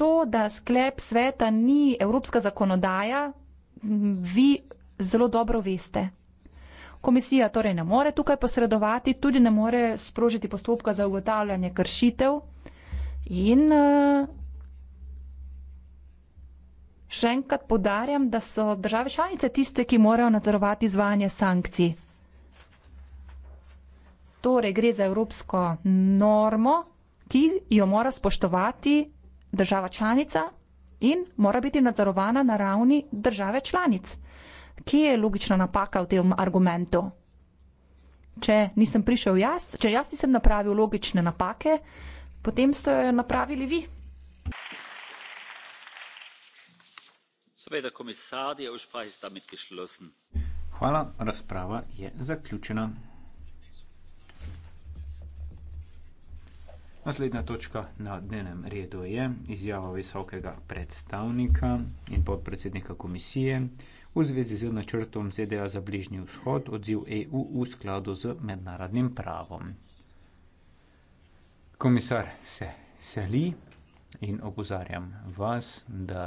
To, da sklep sveta ni evropska zakonodaja, vi zelo dobro veste. Komisija torej ne more tukaj posredovati, tudi ne more sprožiti postopka za ugotavljanje kršitev in uh, Še enkrat podarjam, da so države članice tiste, ki morajo nadzorovati izvajanje sankcij. Torej, gre za evropsko normo, ki jo mora spoštovati država članica in mora biti nadzorovana na ravni države članic. Kje je logična napaka v tem argumentu? Če nisem prišel jaz, če jaz nisem napravil logične napake, potem ste jo napravili vi. Seveda, komisar je usprach ist damit geschlossen. Hvala, razprava je zaključena. Naslednja točka na dnevnem redu je izjava visokega predstavnika in podpredsednika komisije v zvezi z načrtom ZDA za bližnji vzhod odziv EU v skladu z mednarodnim pravom. Komisar se seli in opozarjam vas, da